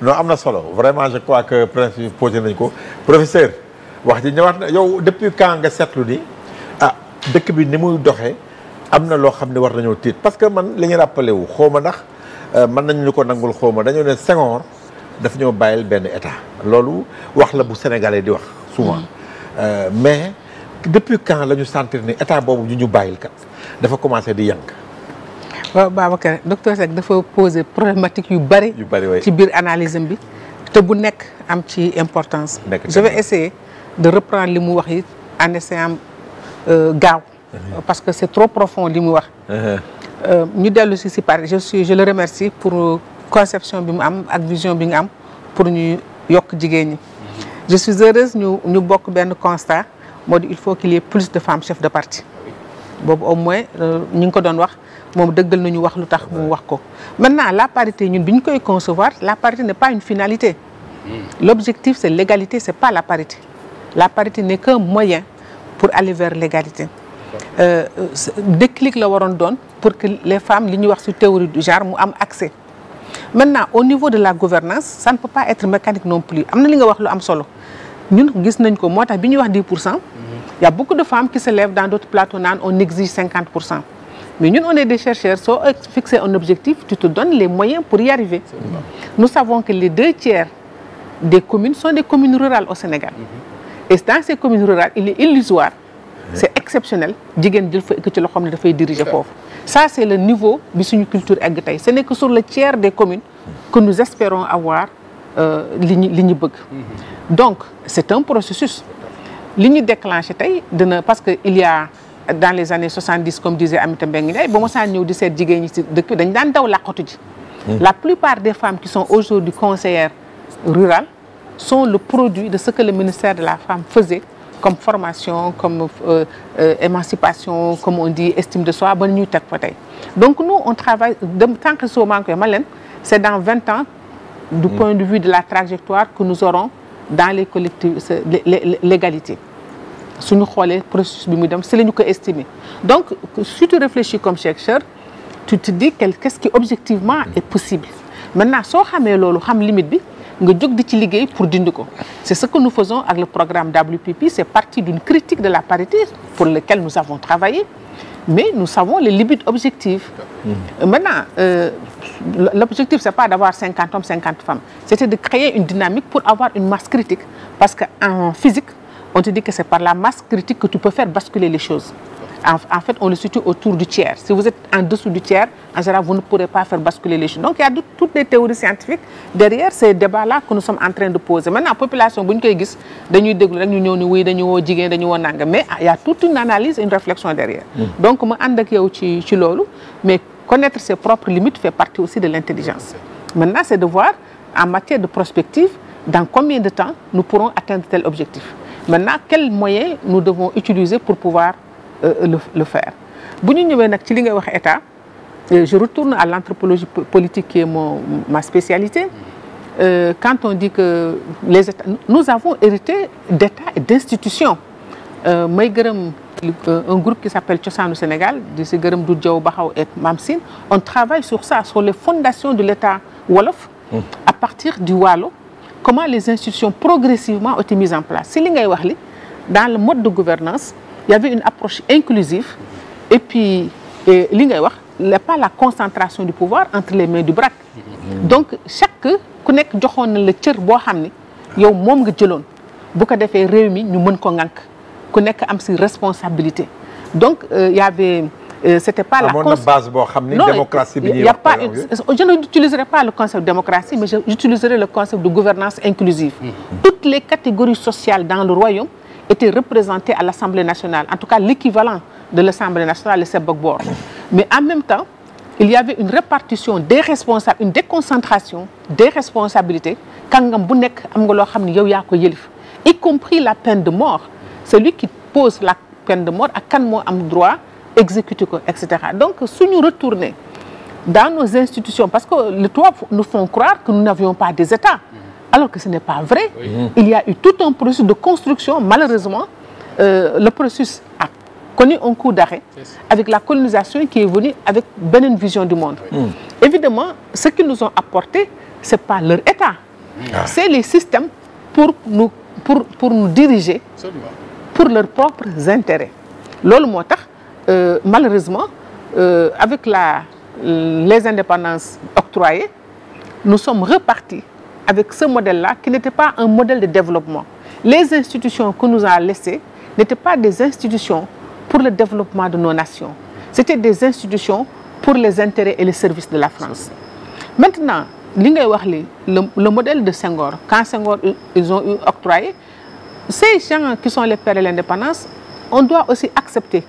non am na solo vraiment je crois que principe posé nañ ko professeur wax ji ñëwaat na yow depuis quand nga seetlu ni ah dëkk bi ni muy doxee am na loo xam ne war nañoo tiit parce que man li ñu rappelé wu xaw ma ndax euh, mën nañ ñu ko nangul xaw ma dañoo ne Senghor daf ñoo bàyyil benn état loolu wax la bu sénégalais di wax souvent mm. euh, mais depuis quand la ñu sentir ni état boobu ñu ñu bàyyil kat dafa commencé di yànq waaw Babacar docteur Seck dafa poser problématique yu bari. yu bari ci biir analyse bi te bu nekk am ci importance. je vais essayer de reprendre li mu wax yi en essayant euh, gaaw. Uh-huh. parce que c'est trop profond li mu wax. Uh-huh. Euh, ñu dellu si si Paris je le remercie pour euh, conception bi mu am ak vision bi nga am pour ñu yokk jigéen ñi. Uh-huh. je suis heureuse ñu ñu bokk benn constat moo di il faut qu'il y plus de femmes chefs de parti boobu au moins ñu ngi ko doon wax. moom dëggal nañu wax lu tax mu wax ko maintenant la parité ñun bi ñu koy concevoir la parité n'est pas une finalité hmm. l'objectif c'est l'égalité c'est pas la parité la parité n'est qu'un moyen pour aller vers l'égalité euh, euh déclic la waroon doon pour que les femmes li ñuy wax su théorie du genre mu am accès maintenant au niveau de la gouvernance ça ne peut pas être mécanique non plus am na li nga wax lu am solo ñun gis nañ ko moo tax bi ñuy wax 10 pour cent hmm. y a beaucoup de femmes qui se lèvent dans pour cent Mais nous, on est des chercheurs, si so, euh, fixer un objectif, tu te donnes les moyens pour y arriver. Nous savons que les deux tiers des communes sont des communes rurales au Sénégal. Mm -hmm. Et dans ces communes rurales, il est illusoire, mm -hmm. c'est exceptionnel, que diriger Ça, c'est le niveau de notre culture agri Ce n'est que sur le tiers des communes mm-hmm. que nous espérons avoir euh, mm-hmm. Donc, c'est un processus. Ligne déclenchée, parce qu'il y a dans les années 70 comme disait Amita Mbengue Ndiaye ba mosaan ñëw di seet jigéen ñi si dëkk bi dañ daan daw làqatu ji hmm. la plupart des femmes qui sont aujourd'hui conseillères rurales sont le produit de ce que le ministère de la femme faisait comme formation comme euh, euh, émancipation comme on dit estime de soi ba ñuy teg fa donc nous on travaille de tant que soo maa ngi ma leen c'est dans vingt ans du hmm. point de de la trajectoire que nous aurons dans les collectivités l'égalité suñu xoolee processus bi muy dem si la ñu ko estimer donc si tu réfléchis comme chercheur tu te dis quel qu'est-ce qui objectivement est possible maintenant soo xamee loolu xam limite bi nga jóg di ci liggéey pour dindi ko c'est ce que nous faisons avec le programme WPP c'est parti d'une critique de la parité pour laquelle nous avons travaillé mais nous savons les limites objectives mmh. maintenant euh, l'objectif c'est pas d'avoir cinquante hommes cinquante femmes c'était de créer une dynamique pour avoir une que en on te dit que c'est par la masse critique que tu peux faire basculer les choses. En, en, fait, on le situe autour du tiers. Si vous êtes en dessous du tiers, en général, vous ne pourrez pas faire basculer les choses. Donc, il a de, toutes les théories scientifiques derrière ces débats-là que nous sommes en train de poser. Maintenant, population, si mais il y a toute une analyse, une réflexion derrière. Mm. Donc, mais connaître ses propres limites fait partie aussi de l'intelligence. Maintenant, c'est de voir, de prospective, dans combien de temps nous pourrons atteindre tel maintenant quels moyens nous devons utiliser pour pouvoir euh, le, le faire bu ñu ñëwee nag ci li ngay wax état euh, je retourne à l'anthropologie politique qui est mon ma spécialité euh, quand on dit que les états nous avons hérité d'états et d'institutions euh, may gërëm euh, un groupe qui s'appelle Cosaanu Sénégal di si gërëm du Jaw Baxaw et Mam Sine on travaille sur ça sur les fondations de l'état wolof mmh. à partir du waalo comment les institutions progressivement ont été mises en place si li ngay wax li dans le mode de gouvernance il y avait une approche inclusive et puis li ngay wax n'est pas la concentration du pouvoir entre les mains du braque donc chaque ku nekk joxoon na la cër boo xam ni yow moom nga jëloon bu ko defee réew mi ñu mën ko ŋànk ku nekk am si responsabilité donc euh, il y Euh, c'était pas la cause base boo xam ni démocratie bi ñuy wax pas je n'utiliserai pas le concept de démocratie mais j'utiliserai le concept de gouvernance inclusive mm-hmm. toutes les catégories sociales dans le royaume étaient représentées à l'Assemblée nationale en tout cas l'équivalent de l'Assemblée nationale le Sebok Bor mais en même temps il y avait une répartition des responsables une déconcentration des responsabilités kàngam bu nekk am nga loo xam ne yow yaa ko yëlif y compris la peine de mort celui qui pose la peine de mort ak kan moo am droit exécuter ko et cetera donc suñu retourner dans nos institutions parce que les trois nous font croire que nous n'avions pas des États mm-hmm. alors que ce n'est pas vrai oui. Mm-hmm. il y a eu tout un processus de construction malheureusement euh, le processus a connu un coup d'arrêt avec la colonisation qui est venue avec beneen vision du monde oui. Mm. évidemment ce qu'ils nous ont apporté c'est pas leur État mm. ah. c'est les systèmes pour nous pour pour nous diriger pour leurs propres intérêts loolu moo tax Euh, malheureusement euh, avec la les indépendances octroyées nous sommes repartis avec ce modèle-là qui n'était pas un modèle de développement les institutions que nous a laissées n'étaient pas des institutions pour le développement de nos nations c'était des institutions pour les intérêts et les services de la France maintenant li ngay wax li le modèle de Senghor quand Senghor ils ont eu octroyé ces gens qui sont les pères de l'indépendance on doit aussi accepter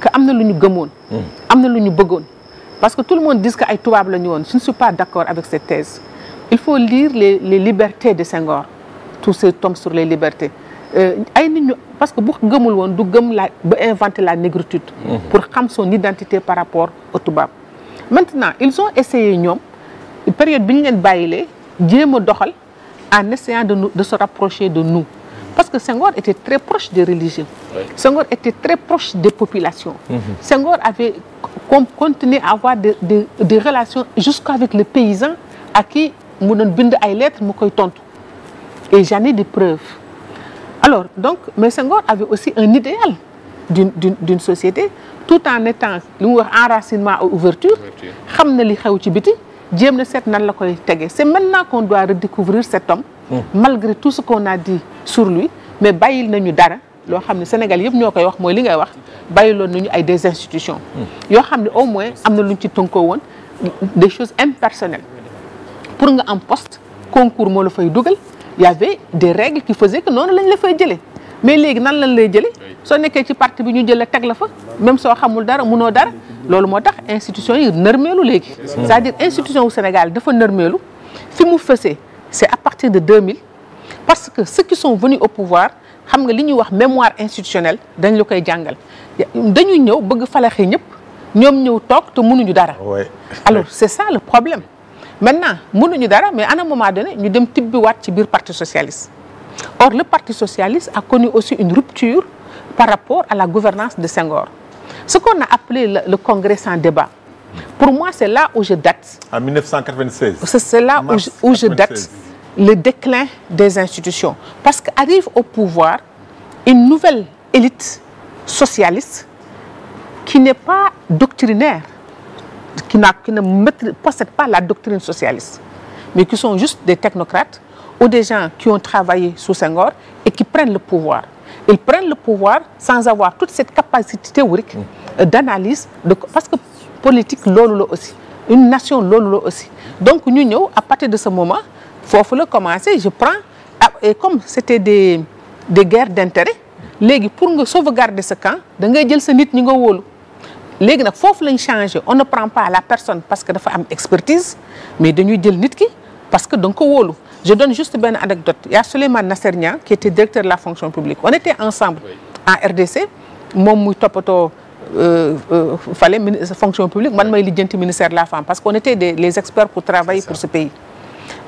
que am na lu ñu gëmoon. Hmm. am na lu ñu bëggoon. parce que tout le monde disque ay tubaab la ñu woon je ne suis pas d'accord avec cette thèse il faut lire les les libertés de Senghor tous ces tomes sur les libertés euh, ay nit ñu parce que bu gëmul woon du gëm la ba inventer la négritude. Hmm. pour xam son identité par rapport au tubaab. maintenant ils ont essayé ñoom période bi ñu leen bàyyilee jéem a doxal en essayant de de se rapprocher de nous. Parce que Senghor était très proche de religieux. Oui. Senghor était très proche des populations. Mmh. Senghor avait continué à avoir des, des, des relations jusqu'avec les paysans à qui mu doon bind ay lettres mu koy tontu. Et j'en ai des preuves. Alors donc mais Senghor avait aussi un idéal d'une d'une société tout en étant li mu wax enracinement et ouverture xam na li xew ci biti jéem na seet nan la koy tegee c'est maintenant qu'on doit redécouvrir cet homme malgré tout ce qu'on naa di sur lui mais bàyyil nañu dara loo xam ne Sénégal yëpp ñoo koy wax mooy li ngay wax bàyyiloon nañu ay des institutions. Hmm. yoo xam ne au moins am na lu ñu ci tënkoo woon des choses impersonnelles pour nga am post concours moo la fay dugal ya avait des règles qui faisaient que noonu lañ la fay jëlee mais léegi nan lañ lay jëlee soo nekkee ci parti bi ñu jël la teg la fa même soo xamul dara munoo dara loolu moo tax institution yi nërmeelu léegi. c'est-à-dire institution dafa nërmeelu fi mu fësee. c'est à partir de mille parce que ceux qui sont venus au pouvoir xam nga li ñuy wax mémoire institutionnelle dañ la koy jàngal dañu ñëw bëgg falaxe ñëpp ñoom ñëw toog te mënuñu dara. alors c'est ça le problème mun mënuñu dara mais à moment donné ñu dem tibbiwaat ci biir parti socialiste or le parti socialiste a connu aussi une rupture par rapport à la gouvernance de Senghor ce qu'on a appelé le congrès sans débat Pour moi, c'est là où je date. En 1996. C'est là où je, où je date le déclin des institutions. Parce qu'arrive au pouvoir une nouvelle élite socialiste qui n'est pas doctrinaire, qui, qui ne possède pas la doctrine socialiste, mais qui sont juste des technocrates ou des gens qui ont travaillé sous Senghor et qui prennent le pouvoir. Ils prennent le pouvoir sans avoir toute cette capacité théorique mm. euh, d'analyse. Parce politique loolu la aussi une nation loolu la aussi donc ñu ñëw à partir de ce moment foofu la commencé je prends ah, et comme c'était des des guerres d'intérêt léegi pour nga sauvegarder ce camp da ngay jël sa nit ñi nga woolu léegi nag foofu la lañ changé on ne prend pas la personne parce que dafa am expertise mais dañuy jël nit ki parce que da nga ko wóolu je donne juste benn anecdote il y a Souleymane Nasser Niang qui était directeur de la fonction publique on était ensemble en moom muy toppatoo Euh, euh, fale fonction publique man may lijjanti ministère la femme parce qu'on était des les experts pour travailler pour ce pays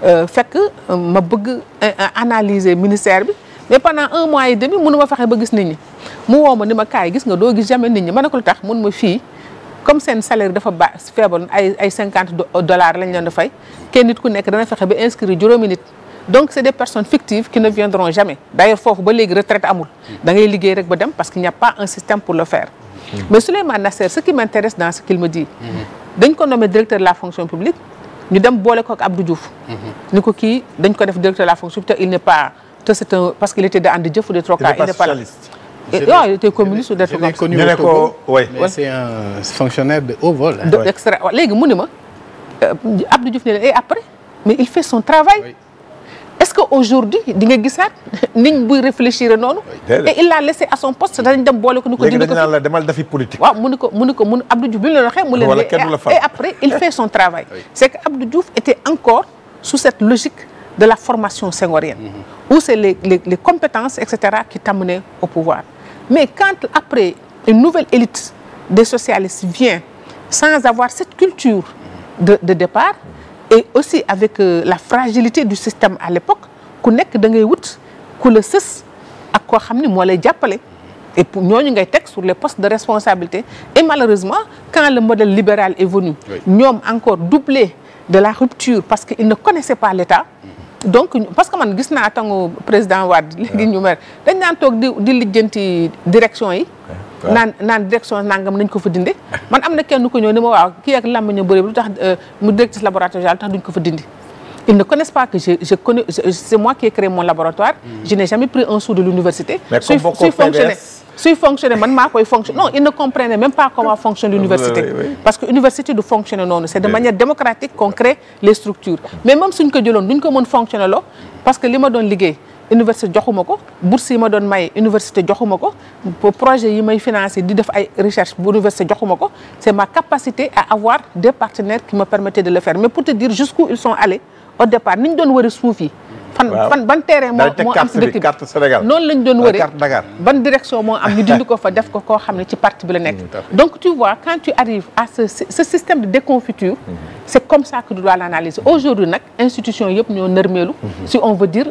euh, fekk ma bëgg analyser ministère bi mais pendant un mois et demi mënu ma fexe ba gis nit ñi mu woo ni ma kaay gis nga doo gis jamais nit ñi ma ne tax mun ma fii comme seen salaire dafa ba faible ay ay cinquante dollars lañ leen di fay kenn nit ku nekk dana fexe ba inscrire juróomi nit donc c'est des personnes fictives qui ne viendront jamais d'ailleurs foofu ba léegi retraite amul hmm. da ngay liggéey rek ba mais Souleymane Nasser ce qui m'intéresse dans ce qu'il me dit dañ ko nommé directeur de la fonction publique ñu dem boole ko ak Abdou Diouf ni ko kii dañ ko def directeur de la fonction publique te il n'est pas te c'est un parce qu'il était de And Jëf ou de Troca il n'est pas socialiste non ah, il communiste ou de Troca connu ñu ne ko oui mais c'est de haut vol extra léegi mu ni ma euh, Abdou Diouf ne leen et après mais il fait son travail est-ce que aujourd'hui di nga gisaat niñ buy réfléchir noonu et il l'a laissé à son poste danañ dem boole ko ni ko dindi ko la demal dafi politique waaw mu ni ko mu ni ko mun Abdou Diouf bi mu leen waxee mu leen et après il fait son travail c'est que Abdou Diouf était encore sous cette logique de la formation senghorienne mmh. où c'est les, les, les compétences etc qui t'amenaient au pouvoir mais quand après une nouvelle élite des socialistes vient sans avoir cette culture de, de départ et aussi avec euh, la fragilité du système à l'époque ku nekk da ngay wut ku la sës ak koo xam ni moo lay jàppale et pour ñooñu ngay teg sur les postes de responsabilité et malheureusement quand le modèle libéral est venu ñoom oui. encore doublé de la rupture parce que ils ne connaissaient pas l'État mm-hmm. donc parce que man gis naa tangu président Wade léegi ñu mer dañ daan toog di di lijjanti direction yi naan naan direction nangam nañ ko fa dindi man am na kenn ko ñëw ni ma waaw kii ak làmb ñu bëri lu tax euh, mu directrice laboratoire lu tax duñ ko fa dindi ils ne connaissent pas que je je connais c'est moi qui ai créé mon laboratoire hmm. je n'ai jamais pris un sou de l'université suy suy fonctionné man maa koy fonctionné non ils ne comprenaient même pas comment fonctionne l'université parce que université du fonctionner noonu c'est de manière démocratique qu'on crée mais même suñ ko jëloon duñ ko mën fonctionner loo parce que li ma doon liggéey université joxuma ko bourse yi ma doon may université joxuma ko projet yi may financé di def ay recherche bu université joxuma ko c'est ma capacité à avoir des partenaires qui me permettaient de le faire mais pour te dire jusqu'où ils sont allés au départ ni ñu doon wëri suuf yi fan fan ban terrain moo am si dëkk doon ah, wëri ban direction moo am ñu ko fa def ko koo xam ne ci parti bi la nekk mm-hmm. donc tu vois quand tu arrives à ce système de déconfiture mm-hmm. c'est comme ça que tu dois l'analyser aujourd'hui nag institution yëpp ñoo nërmeelu mm-hmm. si on veut dire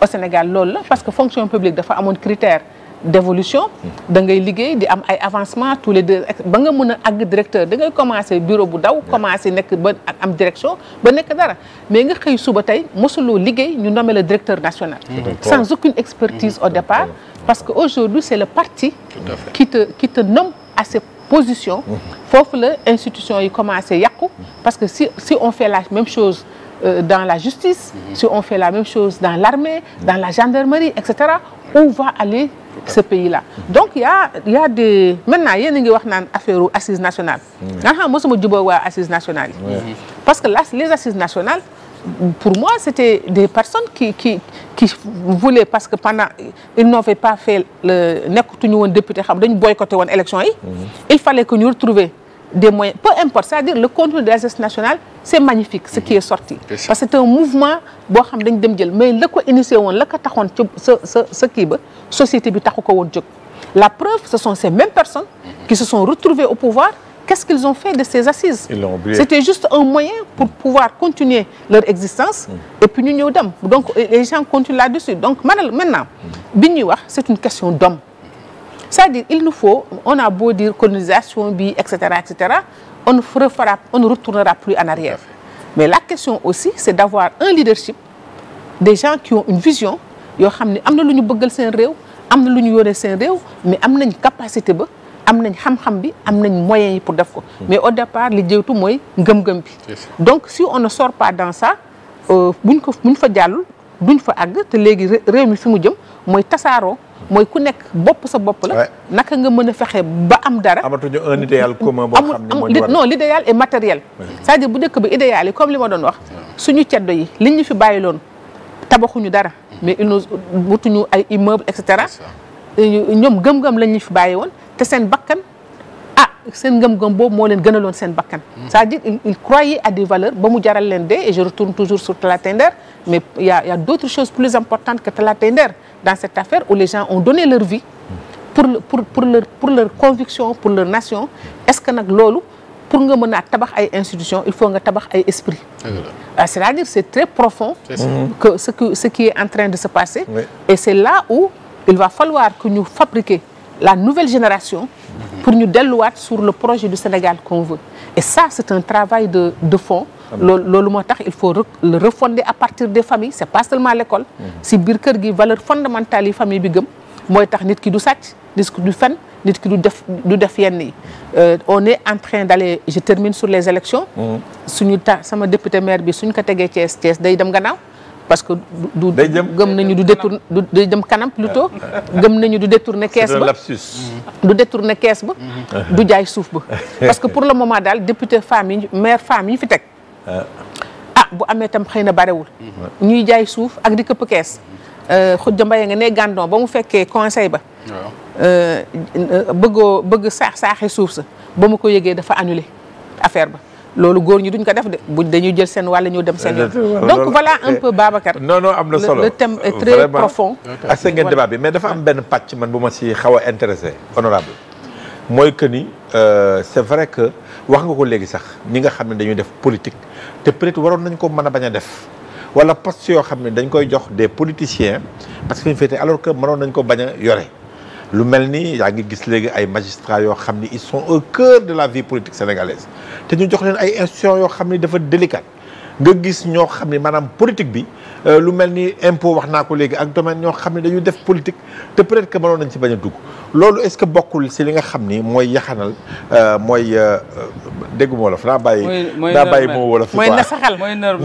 au Sénégal loolu la parce que fonction publique dafa amoon critère d'évolution hmm. da ngay liggéey di am ay avancement tous les deux ba nga mën a àgg directeur da ngay commencer bureau bu daw commencer nekk ba am direction ba nekk dara mais nga xëy suba tey mosuloo liggéey ñu nommé la directeur national hmm. sans aucune expertise hmm. au départ parce que aujourd'hui c'est le parti qui te qui te nomme à ses foofu la institution yi commencer yàqu parce que si si on fait même chose Euh, dans la justice, mhm. si on fait la même chose dans l'armée, dans la gendarmerie, etc., où va aller ce pays-là donc y a y a des maintenant yéen a ngi wax naan affaire assise nationale. Mhm. nga xam mosuma jubóo waa assise nationale yi. Mhm. parce que là les assises nationales pour moi c'était des personnes qui qui qui voulaient parce que pendant ils n'avaient pas fait le nekkatuñu woon député xam dañu boycotté woon élection yi. il fallait que ñu retrouver des moyens, peu importe, c'est-à-dire le contenu de la geste nationale, c'est magnifique ce qui est mhm. sorti. Parce que c'est un mouvement boo xam dañ dem jël mais la ko initié woon la ko taxoon ci sa sa kii ba société bi taxu ko woon jóg. La preuve ce sont ces mêmes personnes mhm. qui se sont retrouvées au pouvoir qu'est-ce qu'ils ont fait de ces assises ils l'ont oublié c'était juste un moyen pour pouvoir continuer leur existence mhm. et puis ñu ñëw dem donc les gens continuent là donc manal maintenant bi ñuy wax c'est une question d'homme c'est-à-dire il nous faut on a beau dire colonisation bi et cetera et cetera on ne on ne retournera plus en arrière mais la question aussi c'est d'avoir un leadership des gens qui ont une vision yoo xam ni am na lu ñu bëggal seen réew am na lu ñu yore seen réew mais am nañ capacité ba am nañ xam-xam bi am nañ moyens yi pour def ko hmm. mais au départ li jëwtu mooy ngëm-ngëm bi donc si on ne sort pas dans ça euh, buñ ko buñ fa jàllul duñ fa àgg te léegi réew mi fi mu jëm mooy tasaaroo mooy ku nekk bopp sa bopp la. naka nga mën a fexe ba am dara. amatuñu un idéal commun boo xam ne moo ñu war non l'idéal est matériel. cest dire bu njëkk bi idéal yi comme li ma doon wax. suñu ceddo yi liñ ñu fi bàyyi loon tabaxuñu dara. mais il nous wutuñu ay immeuble et cetera. ñoom gëm-gëm lañ ñu fi bàyyi woon te seen bakkan. Ah, seen ngëm-ngëm boobu moo leen gënaloon seen bakkan hmm. c'est-à-dire il croyait à des valeurs ba mu jaral leen dee et je retourne toujours sur Talla Tinder mais ya a y a d'autres choses plus importantes que dans cette affaire où les gens ont donné leur vie pour pour pour leur pour leur conviction pour leur nation est-ce que nag loolu pour nga mën a tabax ay institutions il faut nga tabax ay esprit ah, c'est-à-dire c'est très profond mm-hmm. que ce que ce qui est en train de se passer oui. et c'est là où il va falloir que ñu fabriquer la nouvelle génération pour ñu delluwaat sur le projet de Sénégal qu'on veut et ça c'est un travail de de fond loolu loolu moo tax il faut le refonder à partir des familles c'est pas seulement l'école mhm. si biir kër gi valeur fondamentale yi famille bi gëm mooy tax nit ki du sàcc nit ki du fen nit ki du def du def yenn yi au euh, est en train d'aller je termine sur les élections mhm. suñu ta sama député maire bi suñ ko tegee Thiès Thiès day dem gannaaw parce que du gëm nañu du détourné du day dem kanam plutôt gëm nañu du détourné kees ba du détourné kees ba mhm. du jaay suuf ba parce que pour le moment daal député femme yi maire femme yi fi teg ah bu amee tam xëy na barewul. ñuy jaay suuf ak di këpp kees. Euh, Khoudia Mbaye nga ne Gandon ba mu fekkee conseil ba. Euh, bëggoo bëgg saax saaxi suuf sa ba mu ko yëgee dafa annulé affaire ba. loolu góor ñi duñ ko def de buñ dañuy jël seen wàll ñu dem seen yoon donc voilà un eh, peu Babacar. non am na solo le thème est très Vraiment. profond. ak seen ngeen bi mais dafa am benn pàcc man bu ma si xaw a intéressé honorable mooy que ni euh, c'est vrai que wax nga ko léegi sax ñi nga xam ne dañuy def politique. te peut-être waroon nañ ko mën a bañ def wala poste yoo xam ne dañ koy jox des politiciens parce que ñu féete alors que manoon nañ ko bañ a yore lu mel ni yaa ngi gis léegi ay magistrats yoo xam ni ils sont au cœur de la vie politique sénégalaise te ñu jox leen ay institutions yoo xam ni dafa délicate nga gis ñoo xam ne maanaam politique bi euh, lu mel ni impôt wax naa ko léegi ak domaine ñoo xam ne dañu def politique te peut-être que mënoon nañ ci bañ a dugg loolu est-ce que bokkul si li nga xam ni mooy yaxanal euh, mooy euh, déggu ma wolof naa bàyyi. naa bàyyi mooy nasaxal mooy